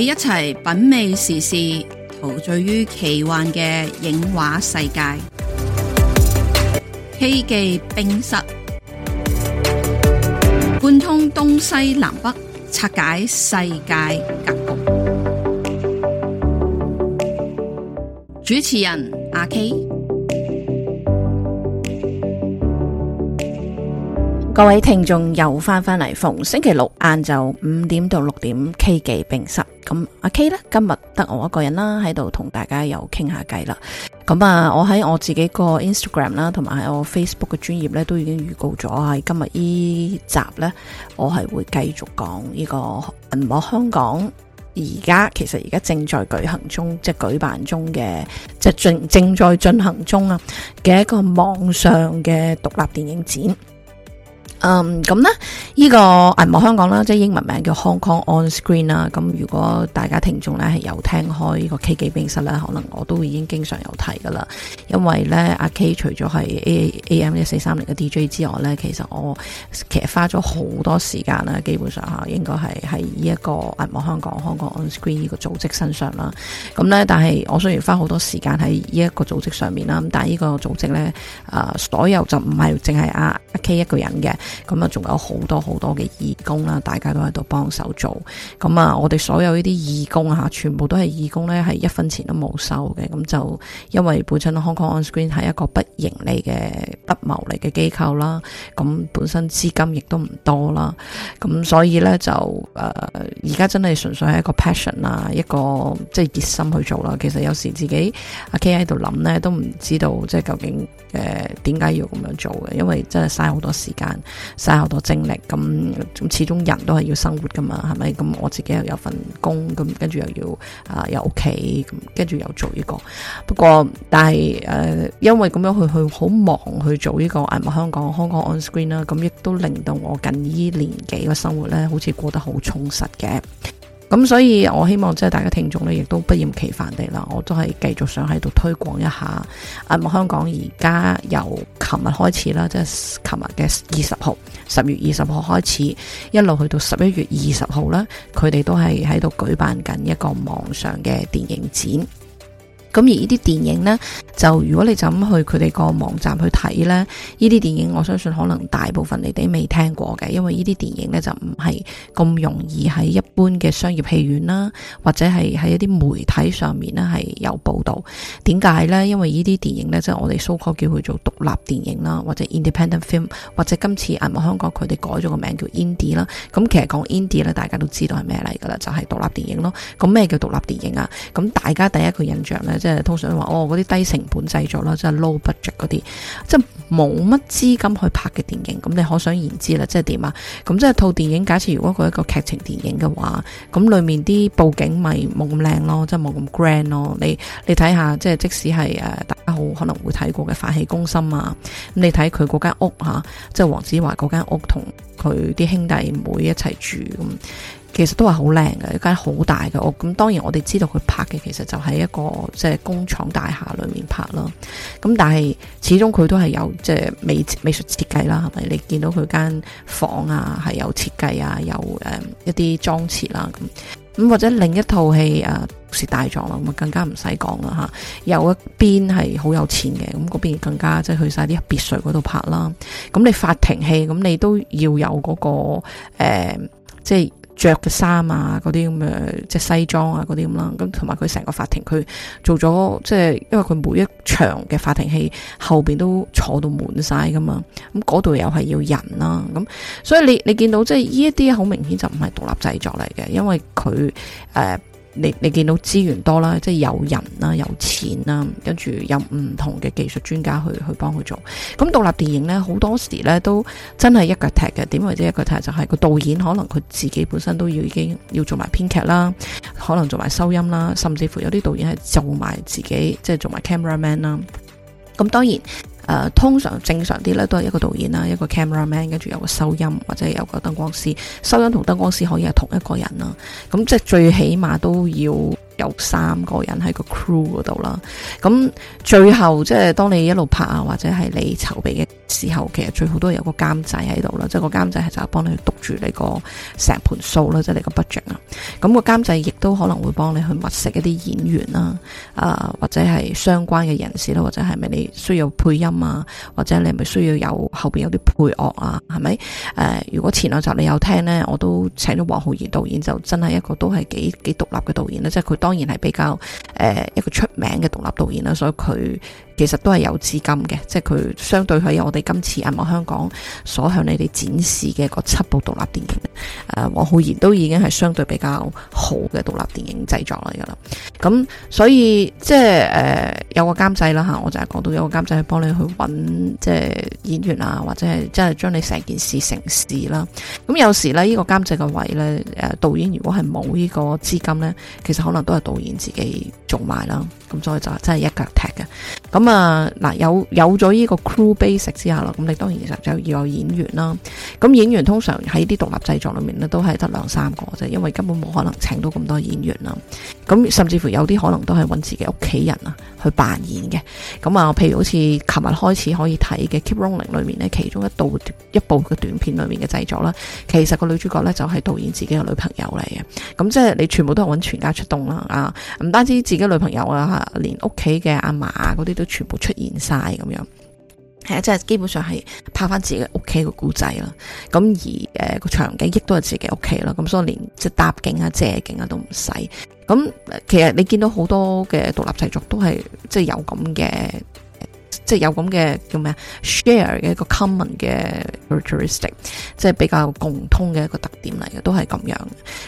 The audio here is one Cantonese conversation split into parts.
你一齊品味時事，陶醉於奇幻嘅影畫世界。K 記冰室貫通東西南北，拆解世界格局。主持人阿 K。各位聽眾又翻返嚟，逢星期六晏晝五點到六點 K 記冰室咁。阿 K 咧，今日得我一個人啦，喺度同大家又傾下偈啦。咁啊，我喺我自己個 Instagram 啦，同埋我 Facebook 嘅專頁咧，都已經預告咗啊。今日呢集咧，我係會繼續講呢、呢個銀幕香港而家其實而家正在舉行中，即係舉辦中嘅，即係正正在進行中啊嘅一個網上嘅獨立電影展。嗯，咁呢呢個銀幕香港啦，即係英文名叫 Hong Kong On Screen 啦。咁如果大家聽眾呢，係有聽開呢個 K 記冰室呢，可能我都已經經常有提噶啦。因為呢，阿 K 除咗係 AM 一四三零嘅 DJ 之外呢，其實我其實花咗好多時間啦，基本上嚇應該係喺呢一個銀幕香港、Hong Kong On Screen 呢個組織身上啦。咁呢，但係我雖然花好多時間喺呢一個組織上面啦，咁但係呢個組織呢，啊所有就唔係淨係阿 K 一個人嘅。咁啊，仲有好多好多嘅義工啦，大家都喺度幫手做。咁啊，我哋所有呢啲義工啊，全部都係義工呢，係一分錢都冇收嘅。咁就因為本身 Hong Kong On Screen 係一個不盈利嘅、不牟利嘅機構啦。咁本身資金亦都唔多啦。咁所以呢，就誒，而家真係純粹係一個 passion 啦，一個即係熱心去做啦。其實有時自己阿 K 喺度諗呢，都唔知道即係究竟。誒，點解要咁樣做嘅？因為真係嘥好多時間，嘥好多精力。咁咁始終人都係要生活噶嘛，係咪？咁我自己又有份工，咁跟住又要啊、呃、有屋企，咁跟住又做呢、這個。不過但係誒、呃，因為咁樣去去好忙去做呢個，我香港 Hong Kong On Screen 啦，咁亦都令到我近呢年幾嘅生活咧，好似過得好充實嘅。咁所以，我希望即係大家聽眾咧，亦都不厭其煩地啦，我都係繼續想喺度推廣一下。啊、嗯，香港而家由琴日開始啦，即係琴日嘅二十號，十月二十號開始，一路去到十一月二十號啦，佢哋都係喺度舉辦緊一個網上嘅電影展。咁而呢啲電影呢，就如果你就咁去佢哋個網站去睇呢，呢啲電影我相信可能大部分你哋未聽過嘅，因為呢啲電影呢就唔係咁容易喺一般嘅商業戲院啦，或者係喺一啲媒體上面呢係有報導。點解呢？因為呢啲電影呢，即係我哋所謂叫佢做獨立電影啦，或者 Independent Film，或者今次銀幕香港佢哋改咗個名叫 Indie 啦。咁其實講 Indie 呢，大家都知道係咩嚟㗎啦，就係獨立電影咯。咁咩叫獨立電影啊？咁大家第一個印象呢。即係通常話哦，嗰啲低成本製作啦，即係 low budget 嗰啲，即係冇乜資金去拍嘅電影。咁你可想而知啦，即係點啊？咁即係套電影，假設如果佢一個劇情電影嘅話，咁裏面啲布景咪冇咁靚咯，即係冇咁 grand 咯。你你睇下，即係即使係誒，大家好可能會睇過嘅《飯氣攻心》啊，咁你睇佢嗰間屋吓，即係黃子華嗰間屋，同佢啲兄弟妹一齊住。其實都係好靚嘅，一間好大嘅。我咁當然我哋知道佢拍嘅其實就係一個即係工廠大廈裏面拍咯。咁但係始終佢都係有即係美美術設計啦，係咪？你見到佢間房啊，係有設計啊，有誒、呃、一啲裝設啦。咁咁或者另一套戲誒是大狀啦，咁啊更加唔使講啦吓。有一邊係好有錢嘅，咁嗰邊更加即係去晒啲別墅嗰度拍啦。咁你法庭戲咁你都要有嗰、嗰個誒、呃、即係。着嘅衫啊，嗰啲咁嘅即係西裝啊，嗰啲咁啦，咁同埋佢成個法庭，佢做咗即係，因為佢每一場嘅法庭戲後邊都坐到滿晒㗎嘛，咁嗰度又係要人啦、啊，咁所以你你見到即係呢一啲好明顯就唔係獨立製作嚟嘅，因為佢誒。呃你你見到資源多啦，即係有人啦、有錢啦，跟住有唔同嘅技術專家去去幫佢做。咁獨立電影呢，好多時呢都真係一腳踢嘅。點為之一腳踢？就係個導演可能佢自己本身都要已經要做埋編劇啦，可能做埋收音啦，甚至乎有啲導演係做埋自己，即係做埋 camera man 啦。咁當然。誒、呃、通常正常啲咧，都係一個導演啦，一個 camera man，跟住有個收音或者有個燈光師，收音同燈光師可以係同一個人啦。咁、嗯、即係最起碼都要有三個人喺個 crew 嗰度啦。咁、嗯嗯、最後即係當你一路拍啊，或者係你籌備嘅時候其實最好都有個監製喺度啦，即係個監製係就係幫你去督住你個成盤數啦，即係你個 budget 啊。咁個監製亦都可能會幫你去物色一啲演員啦，啊或者係相關嘅人士啦，或者係咪你需要配音啊，或者你係咪需要有後邊有啲配樂啊？係咪？誒、呃，如果前兩集你有聽呢，我都請咗黃浩然導演，就真係一個都係幾幾獨立嘅導演啦，即係佢當然係比較誒、呃、一個出名嘅獨立導演啦，所以佢。其實都係有資金嘅，即係佢相對喺我哋今次《銀幕香港》所向你哋展示嘅嗰七部獨立電影，誒、呃，黃浩然都已經係相對比較好嘅獨立電影製作嚟噶啦。咁所以即係誒有個監製啦吓，我就係講到有個監製去幫你去揾，即係演員啊，或者係即係將你成件事成事啦。咁、嗯、有時呢，這個、監製呢個監製嘅位呢，誒，導演如果係冇呢個資金呢，其實可能都係導演自己。做埋啦，咁所以就真係一腳踢嘅。咁啊嗱，有有咗呢個 crew base 之下啦，咁你當然其實就要有演員啦。咁演員通常喺啲獨立製作裏面咧，都係得兩三個啫，因為根本冇可能請到咁多演員啦。咁甚至乎有啲可能都係揾自己屋企人啊去扮演嘅。咁啊，譬如好似琴日開始可以睇嘅《Keep Running》裏面咧，其中一部一部嘅短片裏面嘅製作啦，其實個女主角咧就係導演自己嘅女朋友嚟嘅。咁即係你全部都係揾全家出動啦，啊，唔單止自。嘅女朋友啊，連屋企嘅阿嫲嗰啲都全部出現晒咁樣，係啊，即係基本上係拍翻自己嘅屋企嘅故仔啦。咁而誒個場景亦都係自己屋企啦。咁所以連即係搭景啊、借景啊都唔使。咁其實你見到好多嘅獨立製作都係即係有咁嘅。即係有咁嘅叫咩啊？share 嘅一個 common 嘅 characteristic，即係比較共通嘅一個特點嚟嘅，都係咁樣。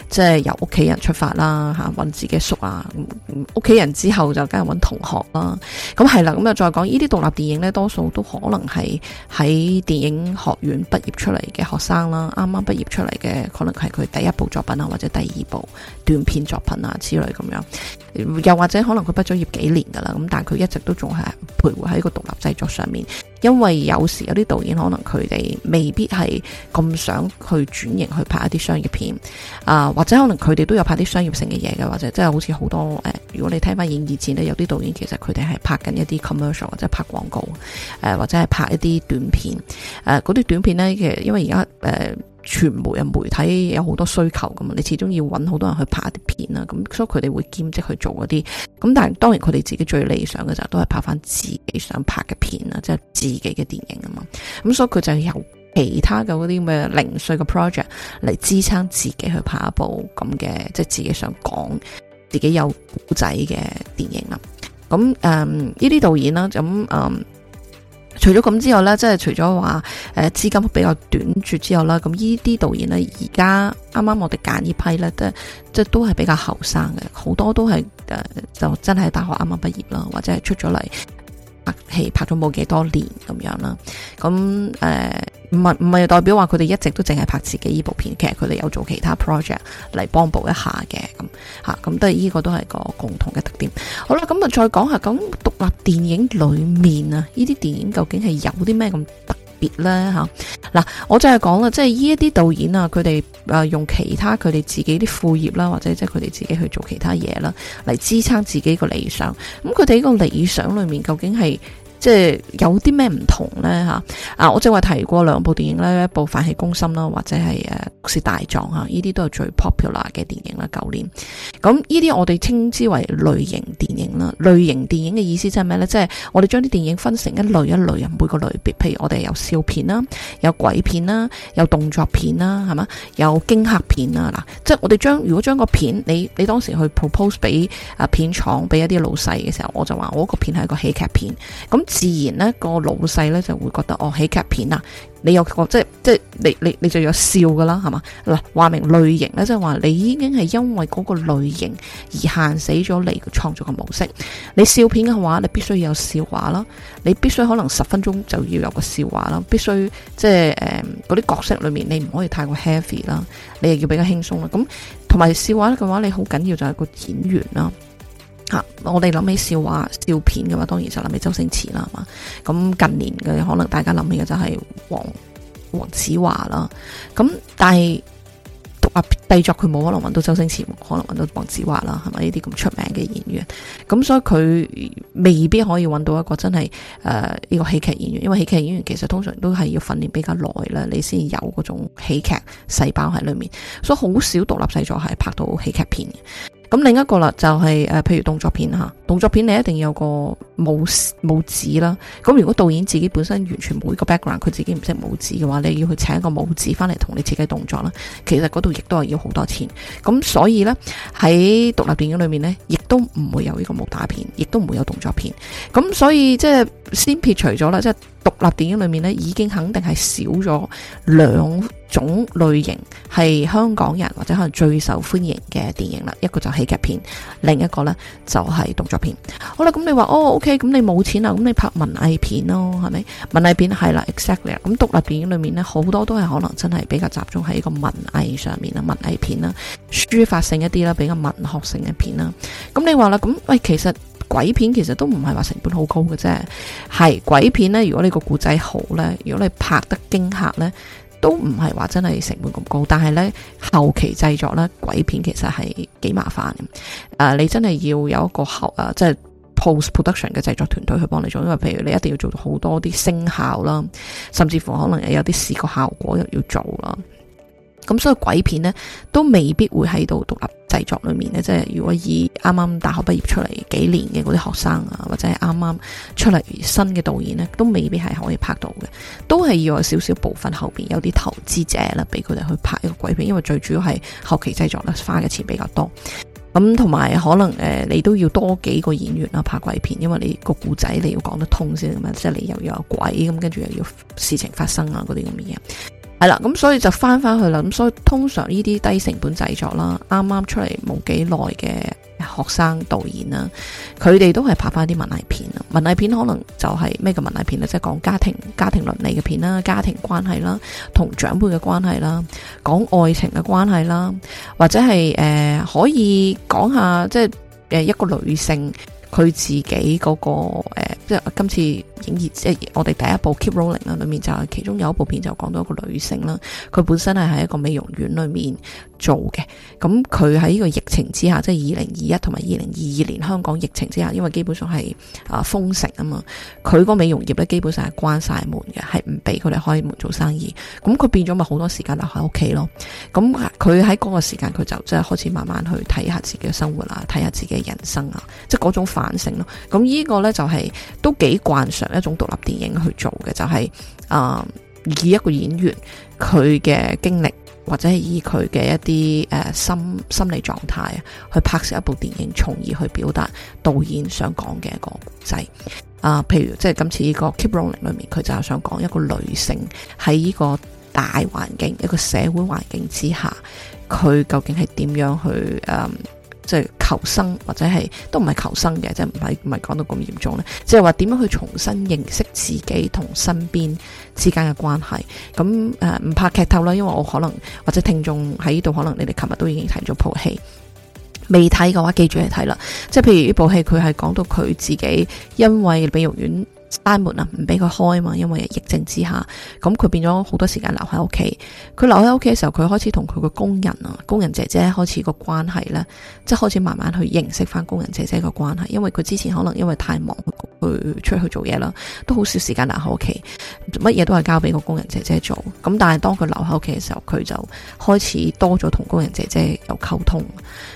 即係由屋企人出發啦，嚇揾自己叔啊，屋企人之後就梗係揾同學啦。咁係啦，咁又再講呢啲獨立電影呢，多數都可能係喺電影學院畢業出嚟嘅學生啦，啱啱畢業出嚟嘅，可能係佢第一部作品啊，或者第二部短片作品啊之類咁樣。又或者可能佢畢咗業幾年噶啦，咁但係佢一直都仲係徘徊喺個獨立製作上面，因為有時有啲導演可能佢哋未必係咁想去轉型去拍一啲商業片，啊、呃、或者可能佢哋都有拍啲商業性嘅嘢嘅，或者即係好似好多誒、呃，如果你睇翻演以前呢，有啲導演其實佢哋係拍緊一啲 commercial 或者拍廣告，誒、呃、或者係拍一啲短片，誒嗰啲短片呢，其實因為而家誒。呃傳媒啊，媒體有好多需求㗎嘛，你始終要揾好多人去拍啲片呀，咁所以佢哋會兼職去做嗰啲，咁但係當然佢哋自己最理想嘅就是，都係拍翻自己想拍嘅片啦，即係自己嘅電影啊嘛，咁所以佢就由其他嘅嗰啲咩零碎嘅 project 嚟支撐自己去拍一部咁嘅，即係自己想講自己有故仔嘅電影啦，咁誒呢啲導演啦，咁誒。嗯除咗咁之外呢，即係除咗話誒資金比較短缺之後啦，咁呢啲導演呢，而家啱啱我哋揀呢批呢，即係即係都係比較後生嘅，好多都係誒就真係大學啱啱畢業啦，或者係出咗嚟拍戲拍咗冇幾多年咁樣啦，咁誒。呃唔係唔係代表話佢哋一直都淨係拍自己呢部片，其實佢哋有做其他 project 嚟幫補一下嘅咁吓，咁都係呢個都係個共同嘅特點。好啦，咁啊再講下咁獨立電影裏面啊，呢啲電影究竟係有啲咩咁特別呢？吓？嗱，我就係講啦，即係呢一啲導演啊，佢哋誒用其他佢哋自己啲副業啦，或者即係佢哋自己去做其他嘢啦，嚟支撐自己個理想。咁佢哋呢個理想裏面究竟係？即係有啲咩唔同呢？嚇啊！我正話提過兩部電影咧，一部《飯戲攻心》啦，或者係《毒舌大狀》嚇，呢啲都係最 popular 嘅電影啦。舊年咁呢啲我哋稱之為類型電影啦。類型電影嘅意思即係咩呢？即係我哋將啲電影分成一類一類啊，每個類別，譬如我哋有笑片啦，有鬼片啦，有動作片啦，係嘛，有驚吓片啦嗱。即係我哋將如果將個片，你你當時去 propose 俾啊片廠，俾一啲老細嘅時候，我就話我個片係一個喜劇片咁。嗯自然呢、嗰個老細呢就會覺得哦，喜劇片啊，你有個即係即係你你，你就有笑噶啦，係嘛嗱，話明類型呢，即係話你已經係因為嗰個類型而限死咗你創作嘅模式。你笑片嘅話，你必須要有笑話啦，你必須可能十分鐘就要有個笑話啦，必須即係誒嗰啲角色裏面你唔可以太過 heavy 啦，你又要比較輕鬆啦。咁同埋笑話嘅話，你好緊要就係個演員啦。吓、啊，我哋諗起笑話、笑片嘅話，當然就諗起周星馳啦，係嘛。咁近年嘅可能大家諗起嘅就係黃黃子華啦。咁但係獨立製作佢冇可能搵到周星馳，冇可能搵到黃子華啦，係咪？呢啲咁出名嘅演員，咁所以佢未必可以搵到一個真係誒呢個喜劇演員，因為喜劇演員其實通常都係要訓練比較耐啦，你先有嗰種喜劇細胞喺裏面，所以好少獨立製作係拍到喜劇片嘅。咁另一個啦，就係、是、誒，譬如動作片嚇，動作片你一定要有個武武指啦。咁如果導演自己本身完全冇呢個 background，佢自己唔識武指嘅話，你要去請一個武指翻嚟同你設計動作啦。其實嗰度亦都係要好多錢。咁所以呢，喺獨立電影裏面呢，亦都唔會有呢個武打片，亦都唔會有動作片。咁所以即係先撇除咗啦，即係獨立電影裏面呢，已經肯定係少咗兩種類型係香港人或者可能最受歡迎嘅電影啦，一個就喜劇片，另一個呢就係動作片。好啦，咁你話哦，OK，咁你冇錢啦，咁你拍文藝片咯，係咪？文藝片係啦，exactly。咁獨立電影裏面呢，好多都係可能真係比較集中喺一個文藝上面啦，文藝片啦，抒發性一啲啦，比較文學性嘅片啦。咁你話啦，咁喂，其實鬼片其實都唔係話成本好高嘅啫，係鬼片呢，如果你個故仔好呢，如果你拍得驚嚇呢。都唔係話真係成本咁高，但係呢，後期製作呢，鬼片其實係幾麻煩嘅。誒、呃，你真係要有一個後誒，即係 post production 嘅製作團隊去幫你做，因為譬如你一定要做好多啲聲效啦，甚至乎可能有啲視覺效果又要做啦。咁所以鬼片呢，都未必會喺度獨立製作裏面咧，即係如果以啱啱大學畢業出嚟幾年嘅嗰啲學生啊，或者係啱啱出嚟新嘅導演呢，都未必係可以拍到嘅，都係要有少少部分後邊有啲投資者啦，俾佢哋去拍一個鬼片，因為最主要係後期製作咧花嘅錢比較多。咁同埋可能誒、呃，你都要多幾個演員啦，拍鬼片，因為你個故仔你要講得通先咁樣，即係你又要有鬼咁，跟住又要事情發生啊嗰啲咁嘅嘢。係啦，咁所以就翻翻去啦。咁所以通常呢啲低成本製作啦，啱啱出嚟冇幾耐嘅學生導演啦，佢哋都係拍翻啲文藝片啊。文藝片可能就係咩嘅文藝片咧，即係講家庭、家庭倫理嘅片啦，家庭關係啦，同長輩嘅關係啦，講愛情嘅關係啦，或者係誒、呃、可以講下即係誒一個女性佢自己嗰個誒，即係，呃，今次。影即係我哋第一部 Keep Rolling 啊，裏面就係其中有一部片就講到一個女性啦，佢本身係喺一個美容院裏面做嘅，咁佢喺呢個疫情之下，即係二零二一同埋二零二二年香港疫情之下，因為基本上係啊封城啊嘛，佢嗰個美容業咧基本上係關晒門嘅，係唔俾佢哋開門做生意，咁佢變咗咪好多時間留喺屋企咯，咁佢喺嗰個時間佢就即係開始慢慢去睇下自己嘅生活啊，睇下自己嘅人生啊，即係嗰種反省咯，咁呢個呢，就係，就係都幾慣常。一種獨立電影去做嘅，就係、是、誒、呃、以一個演員佢嘅經歷，或者係以佢嘅一啲誒、呃、心心理狀態啊，去拍攝一部電影，從而去表達導演想講嘅一個故仔。啊、呃，譬如即係今次呢，這個 Keep Rolling 裏面，佢就係想講一個女性喺呢個大環境，一個社會環境之下，佢究竟係點樣去誒、呃即係求生或者係都唔係求生嘅，即係唔係唔係講到咁嚴重咧。即係話點樣去重新認識自己同身邊之間嘅關係。咁誒唔怕劇透啦，因為我可能或者聽眾喺呢度，可能你哋琴日都已經睇咗部戲。未睇嘅話，記住嚟睇啦。即係譬如呢部戲，佢係講到佢自己因為美容院。閂門啊，唔俾佢開啊嘛，因為疫症之下，咁佢變咗好多時間留喺屋企。佢留喺屋企嘅時候，佢開始同佢個工人啊，工人姐姐開始個關係呢，即係開始慢慢去認識翻工人姐姐個關係。因為佢之前可能因為太忙去出去做嘢啦，都好少時間留喺屋企，乜嘢都係交俾個工人姐姐做。咁但係當佢留喺屋企嘅時候，佢就開始多咗同工人姐姐有溝通。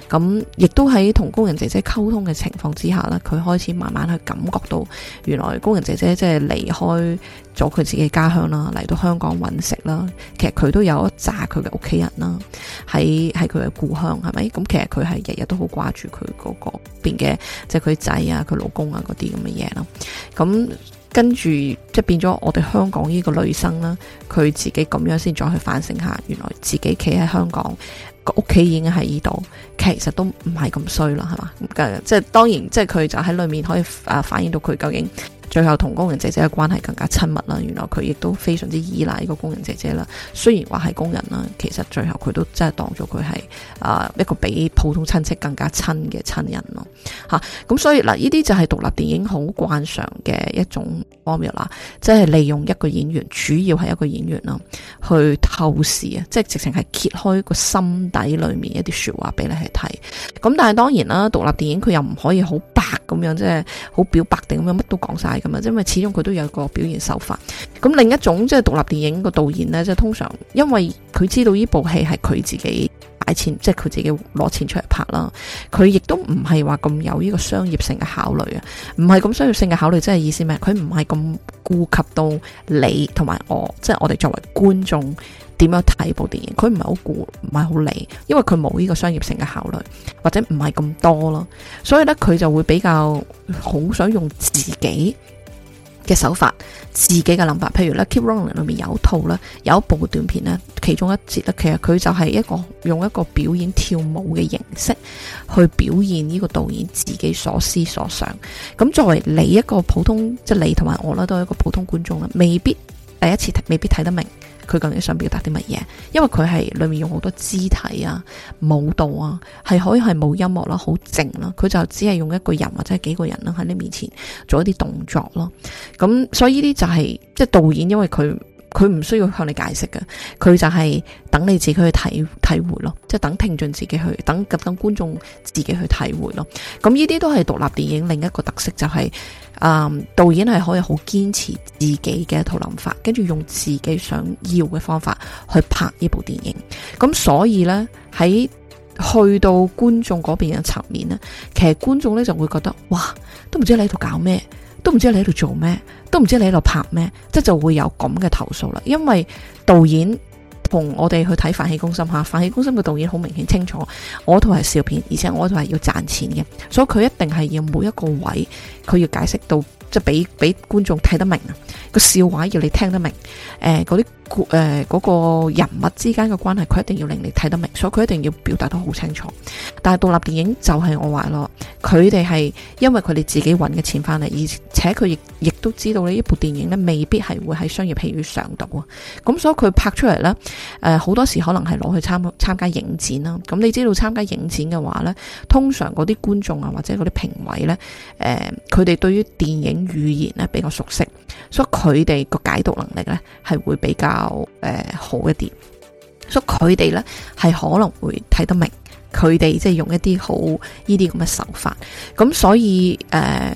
咁亦都喺同工人姐姐溝通嘅情況之下呢，佢開始慢慢去感覺到原來工人。姐姐即係離開咗佢自己嘅家鄉啦，嚟到香港揾食啦。其實佢都有一紮佢嘅屋企人啦，喺喺佢嘅故鄉係咪？咁其實佢係日日都好掛住佢嗰個邊嘅，即係佢仔啊、佢老公啊嗰啲咁嘅嘢啦。咁跟住即係變咗我哋香港呢個女生啦，佢自己咁樣先再去反省下，原來自己企喺香港屋企已經喺呢度，其實都唔係咁衰啦，係嘛？即係當然，即係佢就喺裏面可以啊反映到佢究竟。最後同工人姐姐嘅關係更加親密啦，原來佢亦都非常之依賴呢個工人姐姐啦。雖然話係工人啦，其實最後佢都真係當咗佢係啊一個比普通親戚更加親嘅親人咯。嚇、啊，咁所以嗱，呢啲就係獨立電影好慣常嘅一種 Formula，即係利用一個演員，主要係一個演員啦，去透視啊，即係直情係揭開個心底裏面一啲説話俾你去睇。咁但係當然啦，獨立電影佢又唔可以好白咁樣，即係好表白定咁樣乜都講晒，因為始終佢都有個表現手法。咁另一種即係獨立電影個導演呢，即係通常因為佢知道呢部戲係佢自己。借錢即係佢自己攞錢出嚟拍啦，佢亦都唔係話咁有呢個商業性嘅考慮啊，唔係咁商業性嘅考慮，即係意思咩？佢唔係咁顧及到你同埋我，即係我哋作為觀眾點樣睇部電影，佢唔係好顧，唔係好理，因為佢冇呢個商業性嘅考慮，或者唔係咁多咯，所以呢，佢就會比較好想用自己。嘅手法，自己嘅諗法，譬如咧 Keep Running 裏面有一套啦，有一部短片咧，其中一節咧，其實佢就係一個用一個表演跳舞嘅形式去表現呢個導演自己所思所想。咁、嗯、作為你一個普通，即係你同埋我啦，都係一個普通觀眾啦，未必第一次睇，未必睇得明。佢究竟想表達啲乜嘢？因為佢係裡面用好多肢體啊、舞蹈啊，係可以係冇音樂啦、啊、好靜啦、啊，佢就只係用一個人或者係幾個人啦喺你面前做一啲動作咯。咁所以呢啲就係、是、即係導演，因為佢。佢唔需要向你解釋嘅，佢就係等你自己去體體會咯，即係等聽眾自己去，等等觀眾自己去體會咯。咁呢啲都係獨立電影另一個特色，就係，嗯，導演係可以好堅持自己嘅一套諗法，跟住用自己想要嘅方法去拍呢部電影。咁所以呢，喺去到觀眾嗰邊嘅層面呢，其實觀眾呢就會覺得，哇，都唔知你喺度搞咩？都唔知你喺度做咩，都唔知你喺度拍咩，即就會有咁嘅投訴啦。因為導演同我哋去睇《飯戲攻心》吓，《飯戲攻心》嘅導演好明顯清楚，我套係笑片，而且我套係要賺錢嘅，所以佢一定係要每一個位，佢要解釋到，即係俾俾觀眾睇得明，個笑話要你聽得明，誒、呃、嗰啲。誒，嗰個人物之間嘅關係，佢一定要令你睇得明，所以佢一定要表達得好清楚。但係獨立電影就係我話咯，佢哋係因為佢哋自己揾嘅錢翻嚟，而且佢亦亦都知道呢一部電影咧未必係會喺商業戲院上到啊。咁所以佢拍出嚟呢，誒、呃，好多時可能係攞去參參加影展啦。咁你知道參加影展嘅話呢，通常嗰啲觀眾啊或者嗰啲評委呢，誒、呃，佢哋對於電影語言呢比較熟悉，所以佢哋個解讀能力呢係會比較。比較誒、呃、好一啲，所以佢哋呢係可能會睇得明，佢哋即係用一啲好呢啲咁嘅手法。咁所以誒，即、呃、係、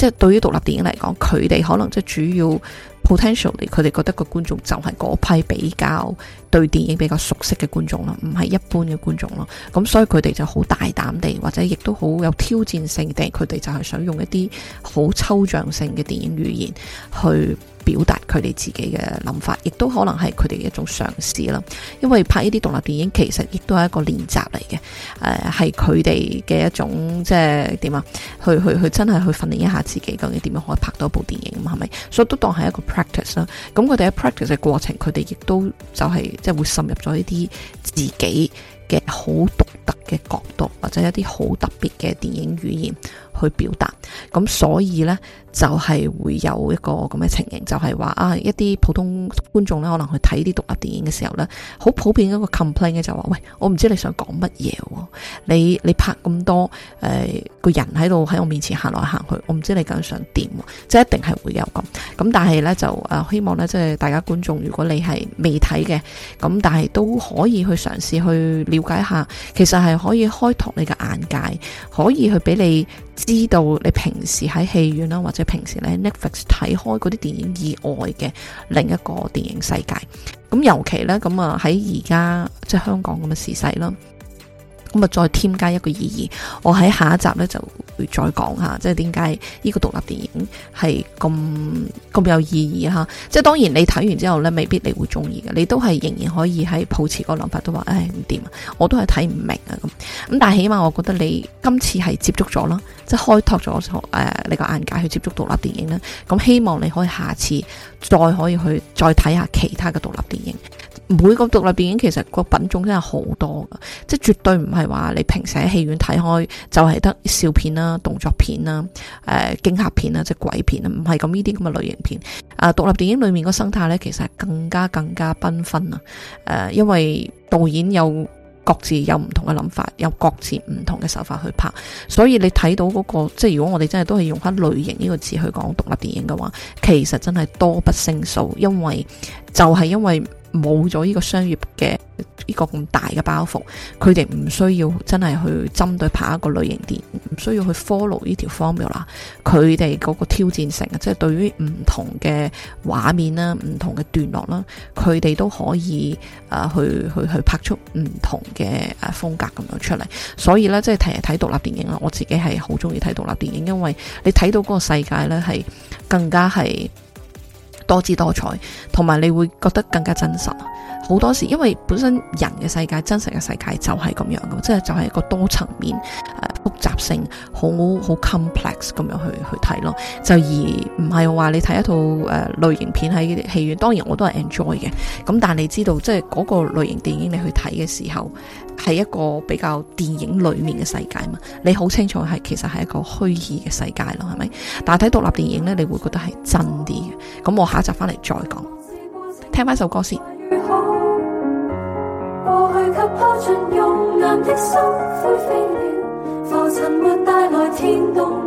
就是、對於獨立電影嚟講，佢哋可能即係主要 potentially 佢哋覺得個觀眾就係嗰批比較對電影比較熟悉嘅觀眾咯，唔係一般嘅觀眾咯。咁所以佢哋就好大膽地，或者亦都好有挑戰性，地，佢哋就係想用一啲好抽象性嘅電影語言去。表達佢哋自己嘅諗法，亦都可能係佢哋嘅一種嘗試啦。因為拍呢啲獨立電影，其實亦都係一個練習嚟嘅。誒、呃，係佢哋嘅一種即係點啊？去去去，真係去訓練一下自己究竟點樣可以拍到一部電影，係咪？所以都當係一個 practice 啦。咁佢哋喺 practice 嘅過程，佢哋亦都就係、是、即係會滲入咗一啲自己嘅好獨特嘅角度，或者一啲好特別嘅電影語言。去表達，咁所以呢，就係會有一個咁嘅情形，就係話啊一啲普通觀眾呢，可能去睇啲獨立電影嘅時候呢，好普遍一個 complain 嘅就話，喂，我唔知你想講乜嘢，你你拍咁多誒個人喺度喺我面前行來行去，我唔知你究竟想點，即係一定係會有咁。咁但係呢，就誒希望呢，即係大家觀眾，如果你係未睇嘅，咁但係都可以去嘗試去了解下，其實係可以開拓你嘅眼界，可以去俾你。知道你平時喺戲院啦，或者平時咧 Netflix 睇開嗰啲電影以外嘅另一個電影世界。咁尤其咧，咁啊喺而家即係香港咁嘅時勢啦，咁啊，再添加一個意義，我喺下一集呢就會再講下，即係點解呢個獨立電影係咁咁有意義啊！即係當然你睇完之後呢，未必你會中意嘅，你都係仍然可以喺抱持個諗法，都話唉唔掂啊，我都係睇唔明啊咁。咁但係起碼我覺得你今次係接觸咗啦，即係開拓咗誒、呃、你個眼界去接觸獨立電影咧。咁希望你可以下次再可以去再睇下其他嘅獨立電影。每個獨立電影其實個品種真係好多噶，即係絕對唔係話你平時喺戲院睇開就係得笑片啦、動作片啦、誒驚嚇片啦、即係鬼片啦，唔係咁呢啲咁嘅類型片。啊、呃，獨立電影裏面個生態呢，其實係更加更加繽紛啊。誒、呃，因為導演有各自有唔同嘅諗法，有各自唔同嘅手法去拍，所以你睇到嗰、那個即係如果我哋真係都係用翻類型呢個字去講獨立電影嘅話，其實真係多不勝數，因為就係因為。冇咗呢個商業嘅呢、這個咁大嘅包袱，佢哋唔需要真係去針對拍一個類型電影，唔需要去 follow 呢條 formula。佢哋嗰個挑戰性啊，即係對於唔同嘅畫面啦、唔同嘅段落啦，佢哋都可以啊、呃、去去去拍出唔同嘅啊風格咁樣出嚟。所以呢，即係提嚟睇獨立電影啦，我自己係好中意睇獨立電影，因為你睇到嗰個世界呢，係更加係。多姿多彩，同埋你會覺得更加真實。好多時，因為本身人嘅世界、真實嘅世界就係咁樣嘅，即係就係、是、一個多層面、誒、呃、複雜性、好好 complex 咁樣去去睇咯。就而唔係話你睇一套誒、呃、類型片喺戲院，當然我都係 enjoy 嘅。咁但係你知道，即係嗰個類型電影你去睇嘅時候，係一個比較電影裡面嘅世界嘛？你好清楚係其實係一個虛擬嘅世界咯，係咪？但係睇獨立電影呢，你會覺得係真啲嘅。咁我下一集翻嚟再講，聽翻首歌先。過去給拋進熔岩的心灰飛了，浮塵沒帶來天動。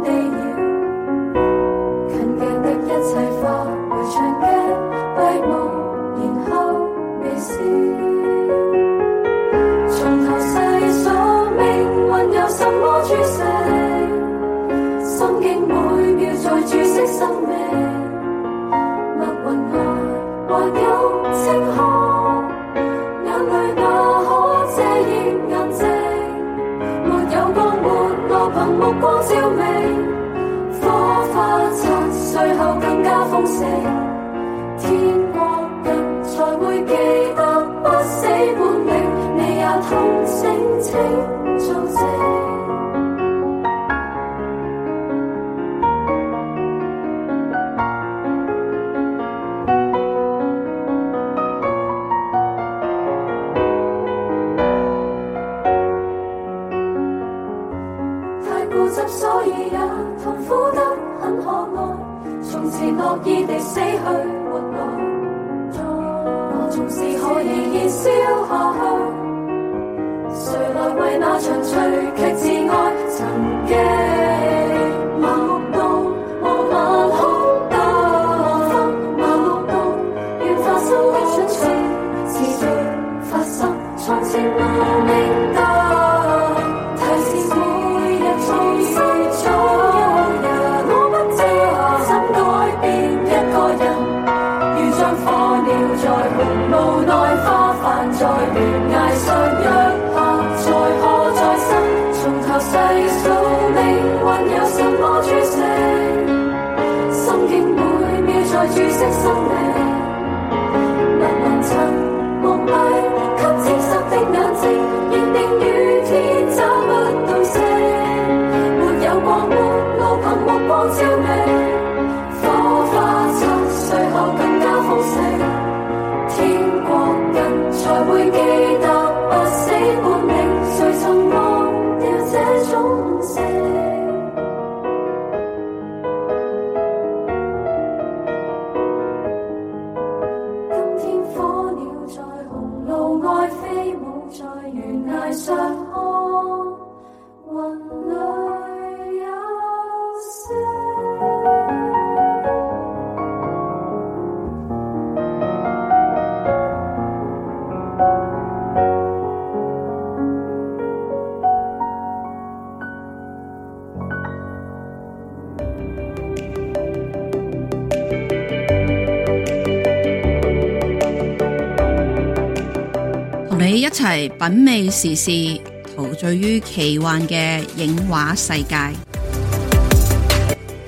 品味時事，陶醉於奇幻嘅影畫世界。